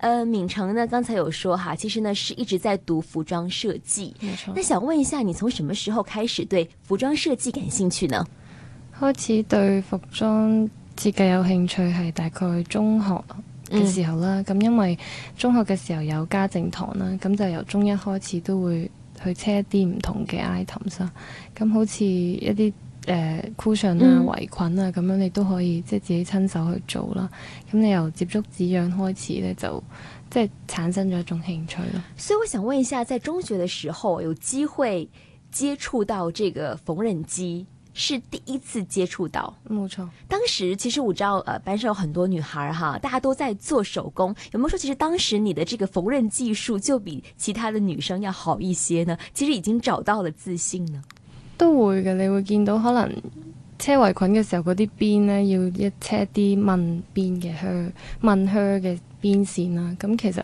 誒，敏、呃、成呢？剛才有說哈，其實呢是一直在讀服裝設計。沒錯。那想問一下，你從什麼時候開始對服裝設計感興趣呢？開始對服裝設計有興趣係大概中學嘅時候啦。咁、嗯、因為中學嘅時候有家政堂啦，咁就由中一開始都會去車一啲唔同嘅 item 啦。咁好似一啲。誒，箍上、呃、啊，圍裙啊，咁樣你都可以即係自己親手去做啦。咁、嗯嗯、你由接觸紙樣開始咧，就即係產生咗一種興趣咯。所以我想問一下，在中學嘅時候有機會接觸到這個縫紉機，是第一次接觸到。冇錯。當時其實我知道，誒、呃，班上有很多女孩哈，大家都在做手工。有冇說其實當時你的這個縫紉技術就比其他的女生要好一些呢？其實已經找到了自信呢。都會嘅，你會見到可能車圍裙嘅時候嗰啲邊呢，要一車啲紋邊嘅靴、紋靴嘅邊線啦。咁其實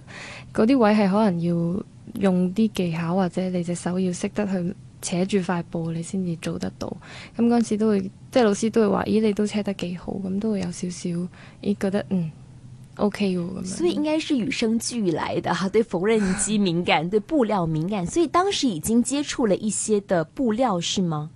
嗰啲位係可能要用啲技巧，或者你隻手要識得去扯住塊布，你先至做得到。咁嗰陣時都會，即係老師都會話：咦，你都車得幾好？咁、嗯、都會有少少咦覺得嗯。OK，所以應該是與生俱來的哈，對縫紉機敏感， 對布料敏感，所以當時已經接觸了一些的布料是嗎？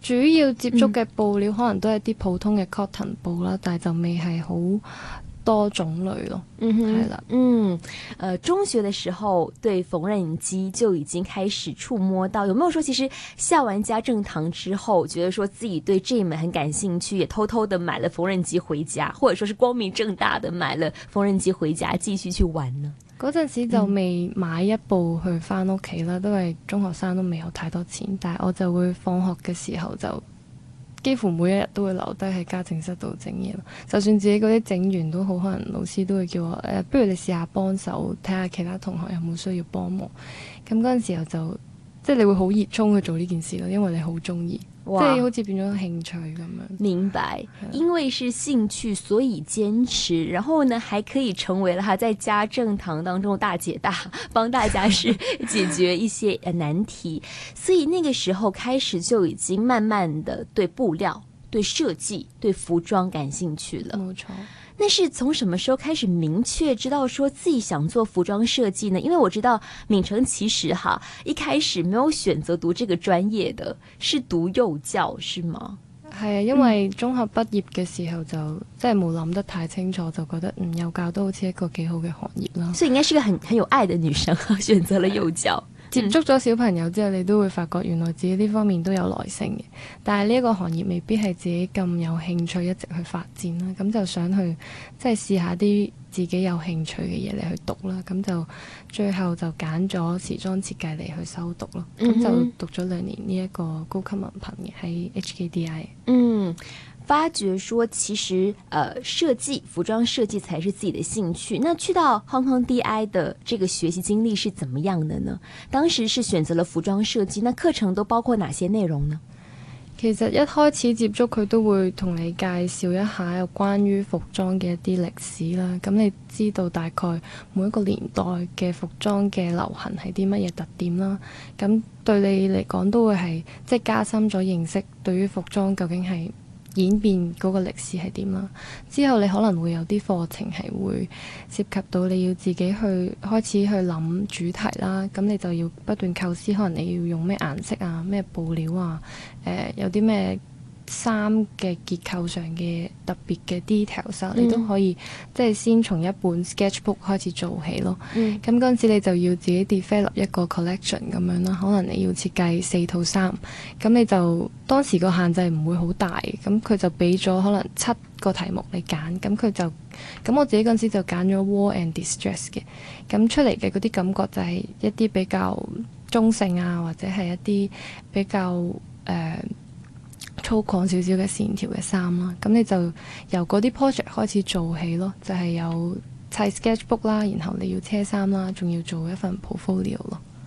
主要接觸嘅布料可能都係啲普通嘅 cotton 布啦，嗯，但係就未係好。多種類咯，係、嗯、哼啦，嗯，誒、呃，中學嘅時候對縫紉機就已經開始觸摸到，有冇有說其實下完家政堂之後，覺得說自己對這門很感興趣，也偷偷的買了縫紉機回家，或者說是光明正大的買了縫紉機回家，繼續去玩啊？嗰陣時就未買一部去返屋企啦，都係、嗯、中學生都未有太多錢，但係我就會放學嘅時候就。幾乎每一日都會留低喺家政室度整嘢，就算自己嗰啲整完都好，可能老師都會叫我，呃，不如你試下幫手睇下其他同學有冇需要幫忙。咁嗰陣時候就即係你會好熱衷去做呢件事咯，因為你好鍾意。哇，即係好似變咗興趣咁樣，明白。因為是興趣，所以堅持。然後呢，還可以成為了他在家政堂當中大姐大，幫大家是解決一些難題。 所以那個時候開始，就已經慢慢的對布料、對設計、對服裝感興趣了。那是從什麼時候開始明確知道說自己想做服裝設計呢？因為我知道敏成其實哈一開始沒有選擇讀這個專業的，是讀幼教是嗎？係啊，因為中學畢業嘅時候就、嗯、真係冇諗得太清楚，就覺得嗯幼教都好似一個幾好嘅行業啦。所以應該是個很很有愛的女生，選擇了幼教。 接觸咗小朋友之後，你都會發覺原來自己呢方面都有耐性嘅，但係呢一個行業未必係自己咁有興趣一直去發展啦。咁就想去即係試下啲自己有興趣嘅嘢嚟去讀啦。咁就最後就揀咗時裝設計嚟去修讀囉。咁就讀咗兩年呢一個高級文憑嘅喺 HKDI。嗯。發覺說其實，誒、呃，設計服裝設計才是自己的興趣。那去到 Hong Kong DI 的這個學習經歷是怎麼樣的呢？當時是選擇了服裝設計，那課程都包括哪些內容呢？其實一開始接觸佢都會同你介紹一下有關於服裝嘅一啲歷史啦。咁你知道大概每一個年代嘅服裝嘅流行係啲乜嘢特點啦，咁對你嚟講都會係即係加深咗認識對於服裝究竟係。演變嗰個歷史係點啦？之後你可能會有啲課程係會涉及到你要自己去開始去諗主題啦，咁你就要不斷構思，可能你要用咩顏色啊、咩布料啊、誒、呃、有啲咩。衫嘅結構上嘅特別嘅 details，嗯、你都可以即係先從一本 sketchbook 開始做起咯。咁嗰陣時你就要自己 develop 一個 collection 咁樣啦。可能你要設計四套衫，咁你就當時個限制唔會好大。咁佢就俾咗可能七個題目你揀。咁佢就咁我自己嗰陣時就揀咗 war and distress 嘅。咁出嚟嘅嗰啲感覺就係一啲比較中性啊，或者係一啲比較誒。呃粗獷少少嘅線條嘅衫啦，咁你就由嗰啲 project 開始做起咯，就係有砌 sketchbook 啦，然後你要車衫啦，仲要做一份 portfolio 咯。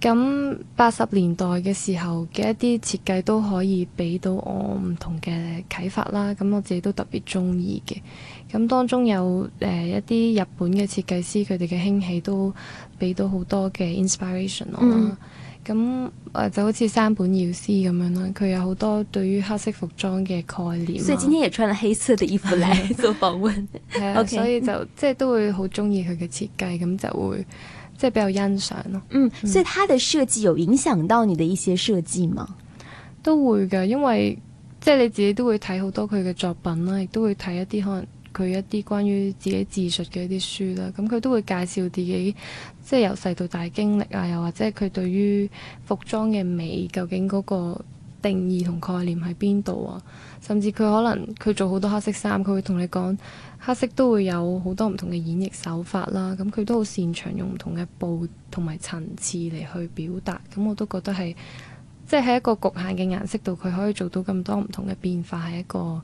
咁八十年代嘅時候嘅一啲設計都可以俾到我唔同嘅啟發啦。咁我自己都特別中意嘅。咁當中有誒一啲日本嘅設計師佢哋嘅興起都俾到好多嘅 inspiration 啦。咁誒、嗯、就好似山本耀司咁樣啦，佢有好多對於黑色服裝嘅概念啊。所以今天也穿了黑色的衣服嚟做訪問。所以就即係、就是、都會好中意佢嘅設計，咁就會。即係比較欣賞咯嗯，所以他的設計有影響到你的一些設計嗎？都會嘅，因為即係你自己都會睇好多佢嘅作品啦，亦都會睇一啲可能佢一啲關於自己自述嘅一啲書啦。咁、嗯、佢都會介紹自己，即係由細到大經歷啊，又或者佢對於服裝嘅美究竟嗰、那個。定義同概念喺邊度啊？甚至佢可能佢做好多黑色衫，佢會同你講黑色都會有好多唔同嘅演繹手法啦。咁佢都好擅長用唔同嘅布同埋層次嚟去表達。咁我都覺得係即係喺一個局限嘅顏色度，佢可以做到咁多唔同嘅變化，係一個。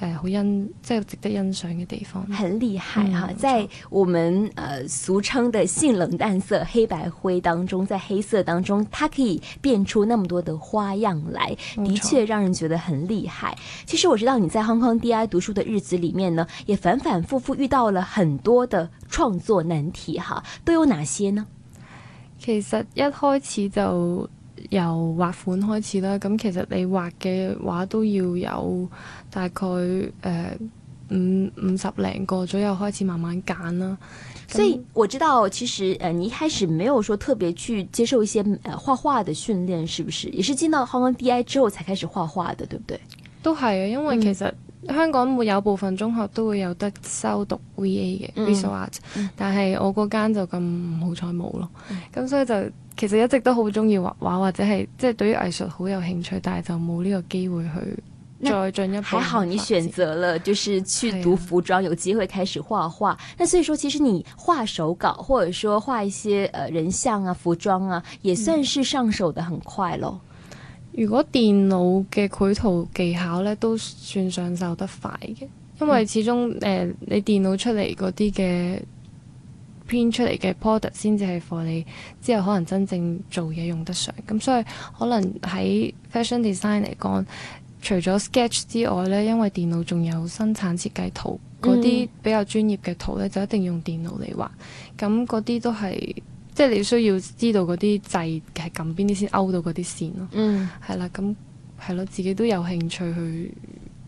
誒，好欣、呃，即係值得欣賞嘅地方。很厲害哈，在我們誒、呃、俗稱的「性冷淡色、黑白灰當中，在黑色當中，它可以變出那麼多的花樣來，沒錯 的確讓人覺得很厲害。其實我知道你在香港 DI 讀書的日子裏面呢，也反反复覆遇到了很多的創作難題哈、啊，都有哪些呢？其實一開始就。由畫款開始啦，咁其實你畫嘅話都要有大概誒、呃、五五十零個左右開始慢慢揀啦。所以我知道，其實誒、呃、你一開始沒有說特別去接受一些誒畫畫的訓練，是不是？也是進到香港 D I 之後才開始畫畫的，對不對？都係啊，因為其實、嗯。香港有部分中學都會有得修讀 V A 嘅 Visual Art，但係我嗰間就咁唔好彩冇咯。咁、嗯、所以就其實一直都好鍾意畫畫或者係即係對於藝術好有興趣，但係就冇呢個機會去再進一步。還好你選擇了，就是去讀服裝，啊、有機會開始畫畫。那所以說，其實你畫手稿，或者說畫一些人像啊、服裝啊，也算是上手得很快咯。嗯如果電腦嘅繪圖技巧呢都算上手得快嘅，因為始終誒、嗯呃、你電腦出嚟嗰啲嘅編出嚟嘅 product 先至係 for 你，之後可能真正做嘢用得上。咁所以可能喺 fashion design 嚟講，除咗 sketch 之外呢，因為電腦仲有生產設計圖嗰啲比較專業嘅圖呢，就一定用電腦嚟畫。咁嗰啲都係。即係你需要知道嗰啲掣係撳邊啲先勾到嗰啲線咯，係啦、嗯，咁係咯，自己都有興趣去。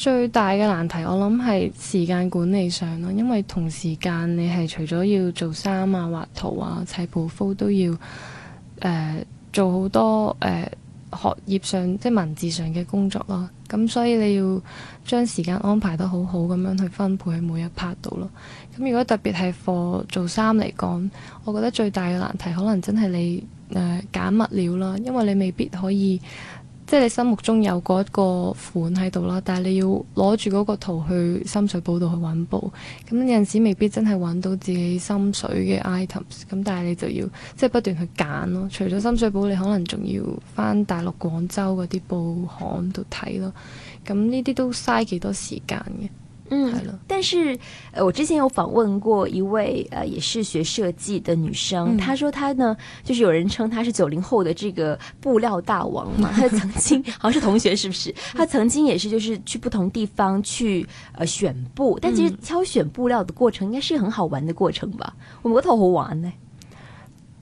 最大嘅難題，我諗，係時間管理上咯，因為同時間，你係除咗要做衫啊、畫圖啊、砌鋪敷都要誒、呃、做好多誒、呃、學業上即係文字上嘅工作咯，咁所以你要將時間安排得好好咁樣去分配喺每一 part 度咯。咁如果特別係課做衫嚟講，我覺得最大嘅難題可能真係你誒揀、呃、物料啦，因為你未必可以。即係你心目中有嗰一個款喺度啦，但係你要攞住嗰個圖去深水埗度去揾布，咁有陣時未必真係揾到自己心水嘅 items，咁但係你就要即係不斷去揀咯。除咗深水埗，你可能仲要翻大陸廣州嗰啲布行度睇咯，咁呢啲都嘥幾多時間嘅。嗯，但是，我之前有訪問過一位，誒、呃，也是學設計的女生，嗯、她說，她呢，就是有人稱她是九零後的這個布料大王嘛，嗯、她曾經， 好像是同學，是不是？嗯、她曾經也是，就是去不同地方去，誒、呃，選布，但其實挑選布料的過程，應該是很好玩的過程吧？我唔覺得好好玩呢。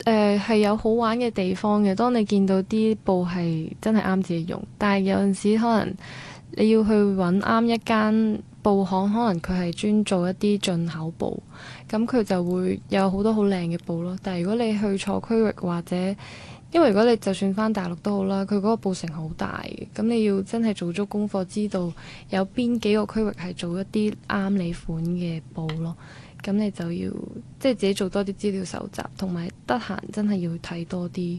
誒、呃，係有好玩嘅地方嘅，當你見到啲布係真係啱自己用，但係有陣時可能你要去揾啱一間。布行可能佢係專做一啲進口布，咁佢就會有好多好靚嘅布咯。但係如果你去錯區域或者，因為如果你就算返大陸都好啦，佢嗰個布城好大嘅，咁你要真係做足功課，知道有邊幾個區域係做一啲啱你款嘅布咯。咁你就要即係、就是、自己做多啲資料搜集，同埋得閒真係要睇多啲。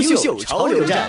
優秀潮流站。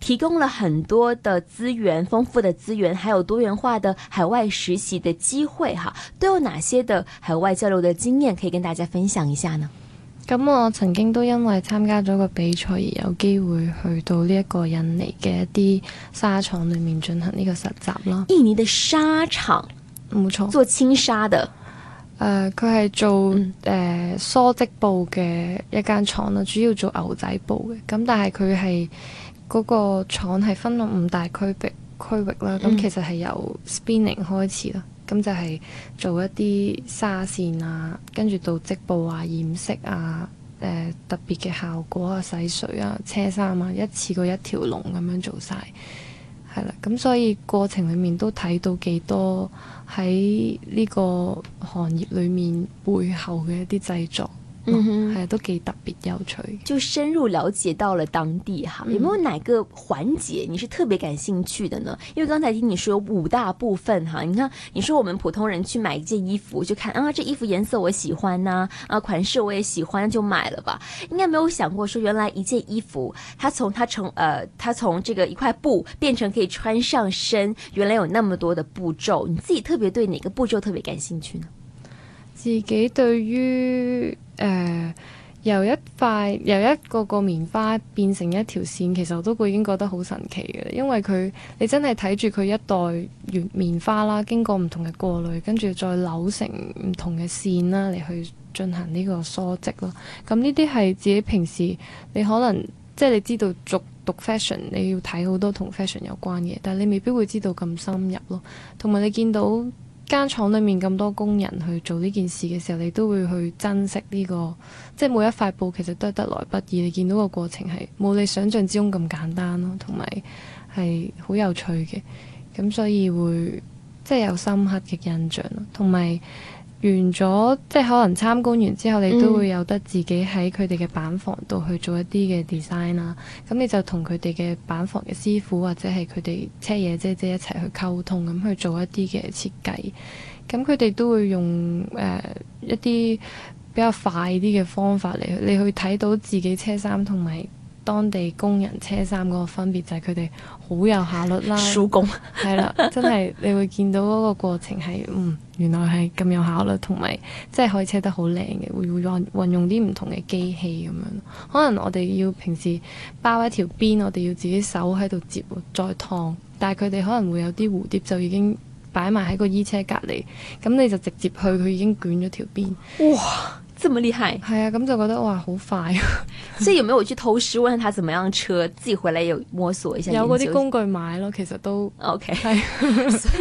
提供了很多的資源，豐富的資源，還有多元化的海外實習的機會，哈，都有哪些的海外交流的經驗可以跟大家分享一下呢？咁我曾經都因為參加咗個比賽而有機會去到呢一個印尼嘅一啲紗廠裏面進行呢個實習啦。印尼的紗廠，冇錯，做青紗的，誒、呃，佢係做誒梭織布嘅一間廠啦，主要做牛仔布嘅，咁但係佢係。嗰個廠係分咗五大區域，區域啦，咁、嗯、其實係由 spinning 開始啦，咁就係做一啲紗線啊，跟住到織布啊、染色啊、呃、特別嘅效果啊、洗水啊、車衫啊，一次過一條龍咁樣做晒。係啦，咁所以過程裡面都睇到幾多喺呢個行業裡面背後嘅一啲製作。嗯哼，係啊、嗯哼，都幾特別有趣，就深入了解到了當地哈、嗯啊。有沒有哪個環節你是特別感興趣的呢？因為剛才聽你說有五大部分哈、啊，你看你說我們普通人去買一件衣服，就看啊、啊，這衣服顏色我喜歡呐、啊，啊款式我也喜歡，就買了吧。應該沒有想過說原來一件衣服，它從它從，呃，它從這個一塊布變成可以穿上身，原來有那麼多的步驟。你自己特別對哪個步驟特別感興趣呢？自己對於。誒、呃、由一塊由一個個棉花變成一條線，其實我都會已經覺得好神奇嘅，因為佢你真係睇住佢一袋棉棉花啦，經過唔同嘅過濾，跟住再扭成唔同嘅線啦嚟去進行呢個梳織咯。咁呢啲係自己平時你可能即係你知道修讀 fashion，你要睇好多同 fashion 有關嘅嘢，但係你未必會知道咁深入咯。同埋你見到。間廠裡面咁多工人去做呢件事嘅時候，你都會去珍惜呢個，即係每一塊布其實都係得來不易。你見到個過程係冇你想象之中咁簡單咯，同埋係好有趣嘅，咁所以會即係有深刻嘅印象咯，同埋。完咗，即係可能參觀完之後，你都會有得自己喺佢哋嘅板房度去做一啲嘅 design 啦。咁、嗯、你就同佢哋嘅板房嘅師傅或者係佢哋車嘢姐姐一齊去溝通，咁去做一啲嘅設計。咁佢哋都會用誒、呃、一啲比較快啲嘅方法嚟，你去睇到自己車衫同埋。當地工人車衫嗰個分別就係佢哋好有效率啦，手工，係啦，真係你會見到嗰個過程係，嗯，原來係咁有效率，同埋即係可以車得好靚嘅，會會運運用啲唔同嘅機器咁樣。可能我哋要平時包一條邊，我哋要自己手喺度接再燙，但係佢哋可能會有啲蝴蝶就已經擺埋喺個衣車隔籬，咁你就直接去，佢已經捲咗條邊，哇！咁厲害，係啊，咁就覺得哇好快。啊 。所以有沒有去偷師問下他怎麼樣車？自己回來有摸索一下。有嗰啲工具買咯，其實都 OK。係，所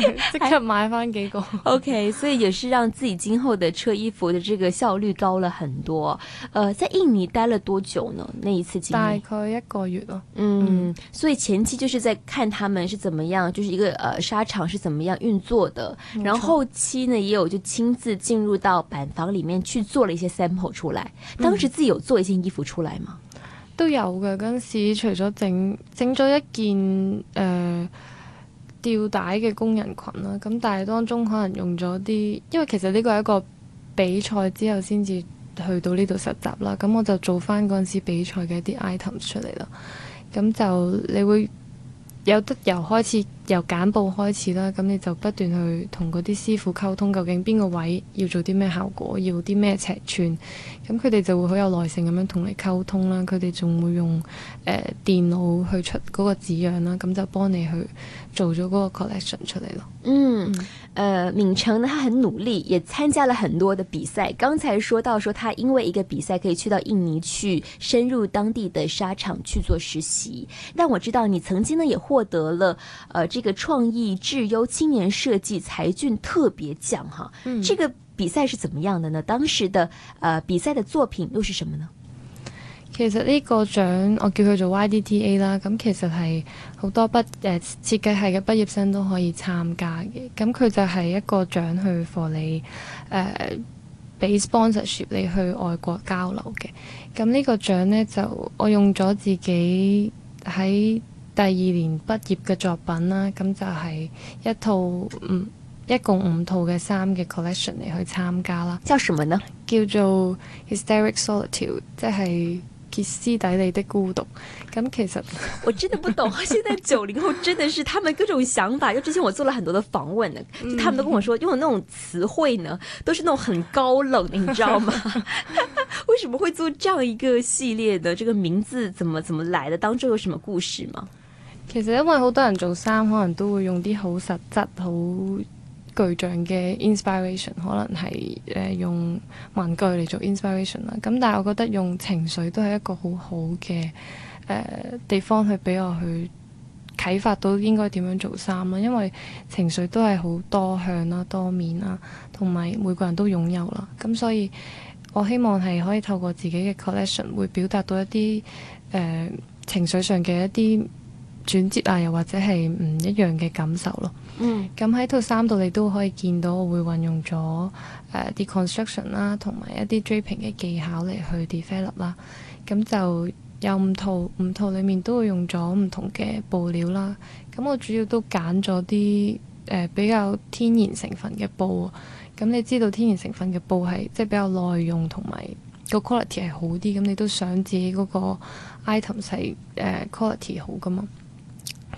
以即刻買翻幾個 OK。所以也是讓自己今後的車衣服的這個效率高了很多。呃，在印尼待了多久呢？那一次經大概一個月咯。嗯，嗯，所以前期就是在看他們是怎麼樣，就是一個呃紗廠是怎麼樣運作的。錯然後後期呢，也有就親自進入到板房裡面。去做了一些 sample 出來，當時自己有做一件衣服出來嗎？都有嘅，嗰陣時除咗整整咗一件誒、呃、吊帶嘅工人裙啦，咁但係當中可能用咗啲，因為其實呢個係一個比賽之後先至去到呢度實習啦，咁我就做返嗰陣時比賽嘅一啲 item 出嚟啦，咁就你會有得由開始。由簡報開始啦，咁你就不斷去同嗰啲師傅溝通，究竟邊個位要做啲咩效果，要啲咩尺寸，咁佢哋就會好有耐性咁樣同你溝通啦。佢哋仲會用誒、呃、電腦去出嗰個紙樣啦，咁就幫你去做咗嗰個 collection 出嚟咯。嗯，誒、呃、明成呢，他很努力，也參加了很多嘅比賽。剛才說到說他因為一個比賽可以去到印尼去深入當地的紗廠去做實習，但我知道你曾經呢也獲得了，誒、呃。這個創意智優青年設計才俊特別獎，哈，嗯，這個比賽是怎麼樣的呢？當時的，呃，比賽的作品又是什麼呢？其實呢個獎，我叫佢做 YDTA 啦，咁、嗯、其實係好多畢誒、呃、設計係嘅畢業生都可以參加嘅，咁、嗯、佢就係一個獎去 for 你誒、呃、，俾 sponsorship 你去外國交流嘅，咁、嗯、呢、嗯嗯、個獎呢，就我用咗自己喺。第二年畢業嘅作品啦，咁就係一套五、嗯，一共五套嘅衫嘅 collection 嚟去參加啦。叫什麼呢？叫做 Hysteric Solitude，即係歇斯底里的孤獨。咁其實我真的不懂， 現在九零後真的是他們各種想法。 因為之前我做了很多的訪問，呢他們都跟我說用嘅那種詞彙呢，都是那種很高冷，你知道嗎？ 為什麼會做這樣一個系列的？這個名字怎麼怎麼來的？當中有什麼故事嗎？其實，因為好多人做衫，可能都會用啲好實質、好具象嘅 inspiration，可能係誒、呃、用文具嚟做 inspiration 啦。咁，但係我覺得用情緒都係一個好好嘅誒地方去俾我去啟發到應該點樣做衫啦。因為情緒都係好多向啦、啊、多面啦、啊，同埋每個人都擁有啦。咁所以我希望係可以透過自己嘅 collection 會表達到一啲誒、呃、情緒上嘅一啲，轉折啊，又或者係唔一樣嘅感受咯。咁喺套三度，你都可以見到我會運用咗誒啲 construction 啦，同、uh, 埋一啲 draping 嘅技巧嚟去 develop 啦、嗯。咁就有五套五套裡面都會用咗唔同嘅布料啦。咁、嗯、我主要都揀咗啲誒比較天然成分嘅布。咁、嗯、你知道天然成分嘅布係即係比較耐用，同埋個 quality 係好啲。咁、嗯、你都想自己嗰個 item 係誒、uh, quality 好㗎嘛？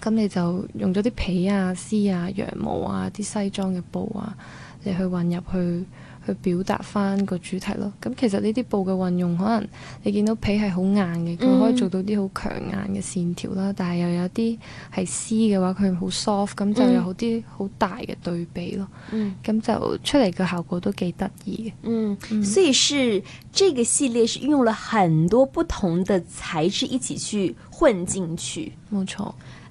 咁你就用咗啲皮啊、絲啊、羊毛啊、啲西裝嘅布啊，你去混入去去表達返個主題咯。咁其實呢啲布嘅運用，可能你見到皮係好硬嘅，佢、嗯、可以做到啲好強硬嘅線條啦。但係又有啲係絲嘅話，佢好 soft，咁就有好啲好大嘅對比咯。咁、嗯、就出嚟嘅效果都幾得意嘅。嗯，嗯所以是呢個系列是運用了很多不同的材質一起去混進去。冇、嗯、錯。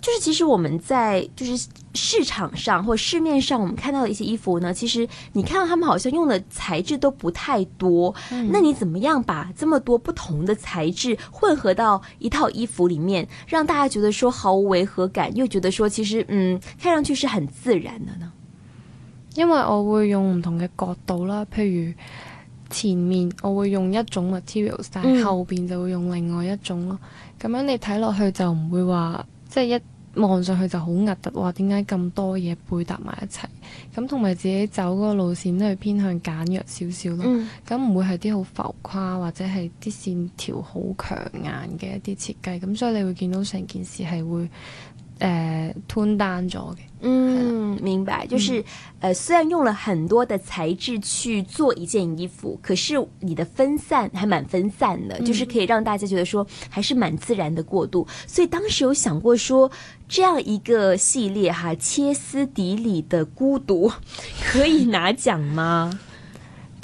就是，其實我們在就是市場上或市面上，我們看到的一些衣服呢，其實你看到他們好像用的材質都不太多、嗯。那你怎麼樣把這麼多不同的材質混合到一套衣服裏面，讓大家覺得說毫無違和感，又覺得說其實嗯，看上去是很自然的呢？因為我會用唔同嘅角度啦，譬如前面我會用一種 material，但後邊就會用另外一種咯。咁、嗯、樣你睇落去就唔會話。即係一望上去就好核突，哇！點解咁多嘢背搭埋一齊咁？咁同埋自己走嗰個路線都係偏向簡約少少咯。咁唔、嗯、會係啲好浮誇或者係啲線條好強硬嘅一啲設計。咁所以你會見到成件事係會。誒，吞單咗嘅，嗯，明白，就是，呃，雖然用了很多的材質去做一件衣服，可是你的分散還蠻分散的，就是可以讓大家覺得說，還是蠻自然的過渡。所以當時有想過說，這樣一個系列哈，歇斯底里的孤獨，可以拿獎嗎？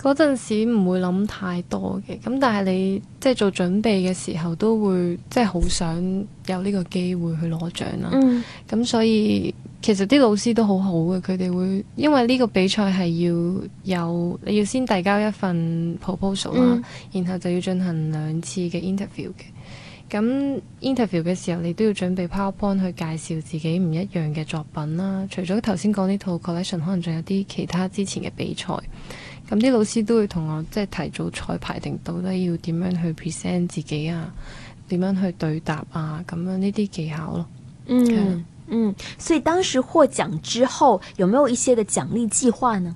嗰陣時唔會諗太多嘅，咁但係你即係、就是、做準備嘅時候，都會即係好想有呢個機會去攞獎啦。咁、嗯、所以其實啲老師都好好嘅，佢哋會因為呢個比賽係要有你要先遞交一份 proposal 啦、嗯，然後就要進行兩次嘅 interview 嘅。咁 interview 嘅時候，你都要準備 PowerPoint 去介紹自己唔一樣嘅作品啦。除咗頭先講呢套 collection，可能仲有啲其他之前嘅比賽。咁啲老師都會同我即係提早彩排定到底要點樣去 present 自己啊，點樣去對答啊，咁樣呢啲技巧咯。嗯嗯，所以當時獲獎之後，有冇有一些嘅獎勵計劃呢？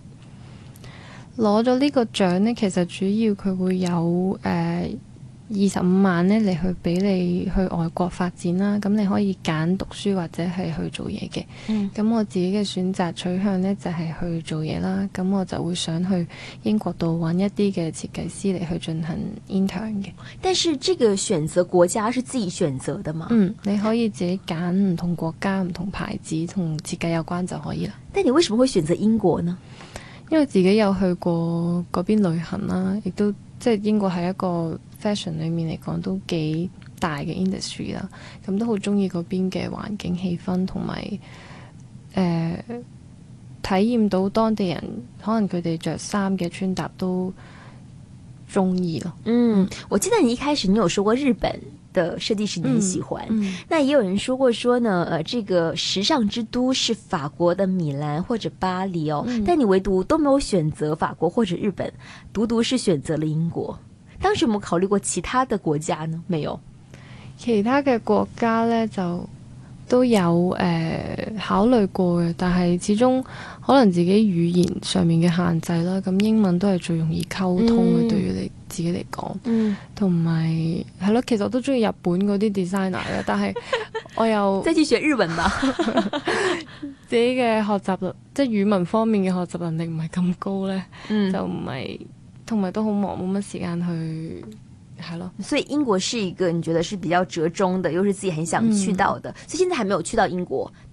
攞咗呢個獎呢，其實主要佢會有誒，呃二十五萬呢，你去俾你去外國發展啦，咁你可以揀讀書或者係去做嘢嘅。咁、嗯、我自己嘅選擇取向呢，就係、是、去做嘢啦，咁我就會想去英國度揾一啲嘅設計師嚟去進行 intern 嘅。但是這個選擇國家是自己選擇的嘛？嗯，你可以自己揀唔同國家、唔同牌子同設計有關就可以啦。但你為什麼會選擇英國呢？因為自己有去過嗰邊旅行啦、啊，亦都。即係英國係一個 fashion 裡面嚟講都幾大嘅 industry 啦，咁都好中意嗰邊嘅環境氣氛同埋誒體驗到當地人可能佢哋着衫嘅穿搭都中意咯。嗯，我記得你一開始你有說過日本的設計師你很喜歡，嗯嗯、那也有人說過說呢，呃，這個時尚之都是法國的米蘭或者巴黎哦，嗯、但你唯獨都沒有選擇法國或者日本，獨獨是選擇了英國。當時有冇考慮過其他的國家呢？沒有，其他嘅國家咧就都有誒、呃、考慮過嘅，但係始終可能自己語言上面嘅限制啦，咁英文都係最容易溝通嘅，對於你。嗯自己嚟講，嗯，同埋係咯，其實我都中意日本嗰啲 designer 嘅， 但係我又再去學日文吧， 自己嘅學習力，即、就、係、是、語文方面嘅學習能力唔係咁高咧，嗯、就唔係同埋都好忙，冇乜時間去，係咯。所以英國是一個，你覺得係比較折中的，又是自己很想去到的，嗯、所以現在還沒有去到英國。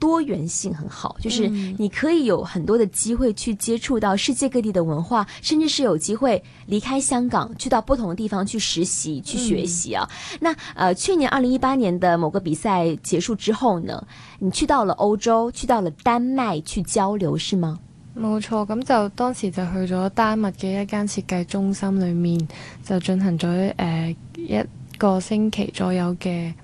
多元性很好，就是你可以有很多的機會去接觸到世界各地的文化，甚至是有機會離開香港，去到不同的地方去實習、去學習啊。那，呃，去年二零一八年的某個比賽結束之後呢，你去到了歐洲，去到了丹麥去交流是嗎？冇錯，咁就當時就去咗丹麥嘅一間設計中心裏面，就進行咗誒、呃、一個星期左右嘅。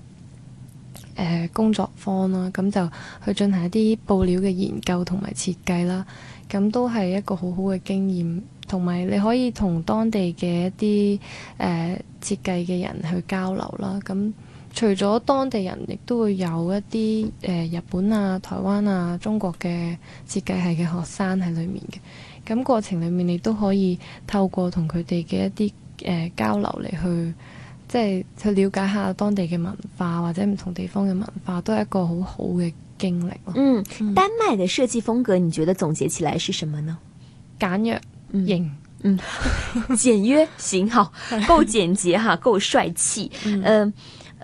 呃、工作坊啦，咁就去進行一啲布料嘅研究同埋設計啦，咁都係一個好好嘅經驗，同埋你可以同當地嘅一啲誒、呃、設計嘅人去交流啦。咁除咗當地人，亦都會有一啲誒、呃、日本啊、台灣啊、中國嘅設計系嘅學生喺裡面嘅。咁過程裡面，你都可以透過同佢哋嘅一啲誒、呃、交流嚟去。即係去了解下當地嘅文化或者唔同地方嘅文化，都係一個好好嘅經歷咯。嗯，丹麥嘅設計風格，你覺得總結起來是什麼呢？簡約型。嗯，嗯，簡約型， 好，夠簡潔哈，夠帥氣，呃、嗯。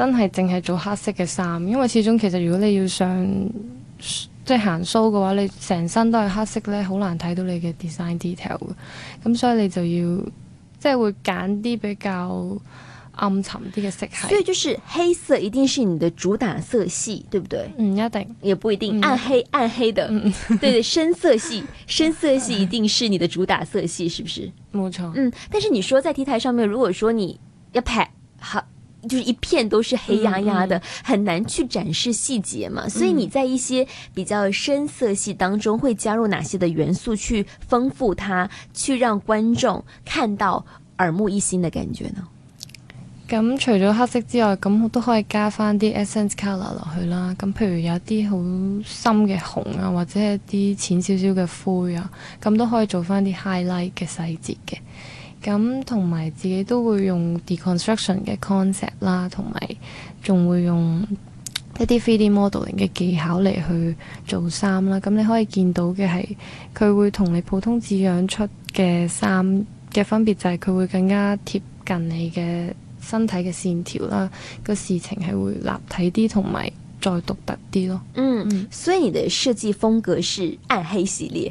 真係淨係做黑色嘅衫，因為始終其實如果你要上即係行 show 嘅話，你成身都係黑色咧，好難睇到你嘅 design detail 嘅。咁所以你就要即係會揀啲比較暗沉啲嘅色系。所以就是黑色一定是你的主打色系，對唔對？唔一定，也不一定，不一定暗黑，暗黑的， 對對，深色系，深色系一定是你的主打色系，是不是？冇錯錯。嗯，但是你說在 T 台上面，如果說你一拍就是一片都是黑壓壓的，嗯、很難去展示細節嘛。嗯、所以你在一些比較深色系當中，會加入哪些的元素去豐富它，去讓觀眾看到耳目一新的感覺呢？咁、嗯、除咗黑色之外，咁都可以加翻啲 accent color 落去啦。咁譬如有啲好深嘅紅啊，或者係啲淺少少嘅灰啊，咁都可以做翻啲 highlight 嘅細節嘅。咁同埋自己都會用 deconstruction 嘅 concept 啦，同埋仲會用一啲 3D modeling 嘅技巧嚟去做衫啦。咁你可以見到嘅係，佢會同你普通紙樣出嘅衫嘅分別就係佢會更加貼近你嘅身體嘅線條啦，個事情係會立體啲，同埋再獨特啲咯。嗯，所以你嘅設計風格係暗黑系列。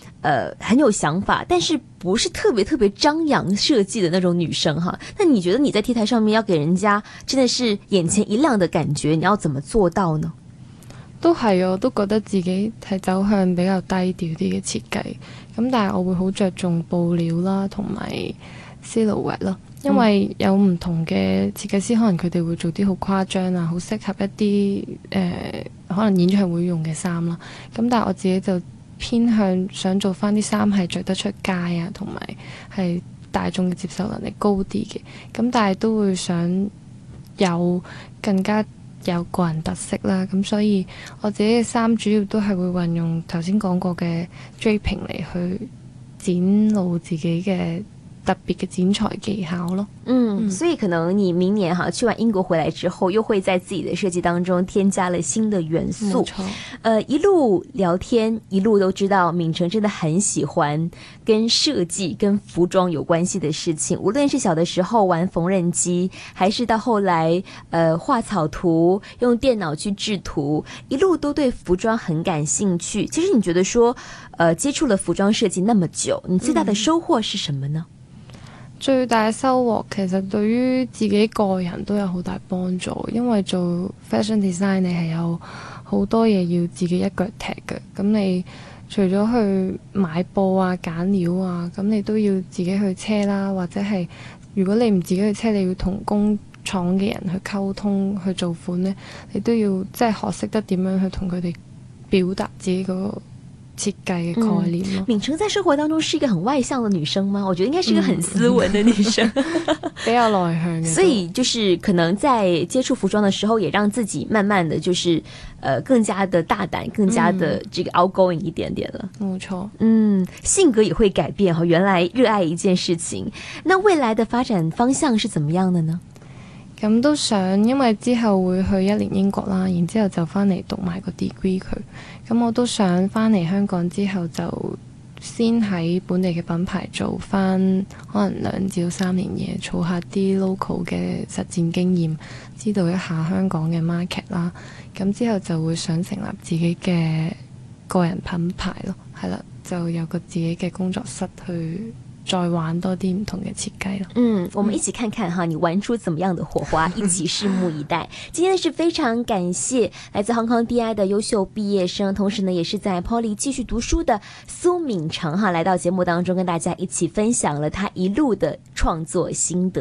呃，很有想法，但是不是特別特別張揚設計的那種女生哈？那你覺得你在 T 台上面要給人家真的是眼前一亮的感覺，嗯、你要怎麼做到呢？都係啊，我都覺得自己係走向比較低調啲嘅設計，咁、嗯、但係我會好着重布料啦，同埋 silhouette 啦，因為有唔同嘅設計師可能佢哋會做啲好誇張啊，好適合一啲誒、呃、可能演唱會用嘅衫啦，咁、嗯、但係我自己就。偏向想做翻啲衫係着得出街啊，同埋係大眾嘅接受能力高啲嘅，咁但係都會想有更加有個人特色啦。咁所以我自己嘅衫主要都係會運用頭先講過嘅 draping 嚟去展露自己嘅。特別的剪裁技巧咯，嗯，所以可能你明年哈去完英國回來之後，又會在自己的設計當中添加了新的元素。沒錯。呃，一路聊天一路都知道，敏成真的很喜歡跟設計跟服裝有關係的事情，無論是小的時候玩縫紉機，還是到後來，呃，畫草圖用電腦去製圖，一路都對服裝很感興趣。其實你覺得說，呃，接觸了服裝設計那麼久，你最大的收穫是什麼呢？嗯最大嘅收穫其實對於自己個人都有好大幫助，因為做 fashion design 你係有好多嘢要自己一腳踢嘅。咁你除咗去買布啊、揀料啊，咁你都要自己去車啦，或者係如果你唔自己去車，你要同工廠嘅人去溝通去做款呢，你都要即係學識得點樣去同佢哋表達自己個設計嘅概念咯。敏成、嗯、在生活當中是一個很外向的女生嗎？我覺得應該是一個很斯文的女生，比較內向。所以就是可能在接觸服裝的時候，也讓自己慢慢的，就是，呃，更加的大膽，更加的這個 outgoing 一點點了。冇錯、嗯，錯嗯，性格也會改變哈。原來熱愛一件事情，那未來的發展方向是怎麼樣的呢？咁、嗯、都想，因為之後會去一年英國啦，然之後就返嚟讀埋個 degree 佢。咁我都想返嚟香港之後，就先喺本地嘅品牌做翻，可能兩至三年嘢，儲下啲 local 嘅實戰經驗，知道一下香港嘅 market 啦。咁之後就會想成立自己嘅個人品牌咯，係啦，就有個自己嘅工作室去。再玩多啲唔同嘅設計咯。嗯，我們一起看看哈，你玩出怎麼樣的火花？一起拭目以待。今天是非常感謝來自 Hong Kong DI 的優秀畢業生，同時呢，也是在 Poly 繼續讀書的蘇敏成哈，來到節目當中跟大家一起分享了他一路的創作心得。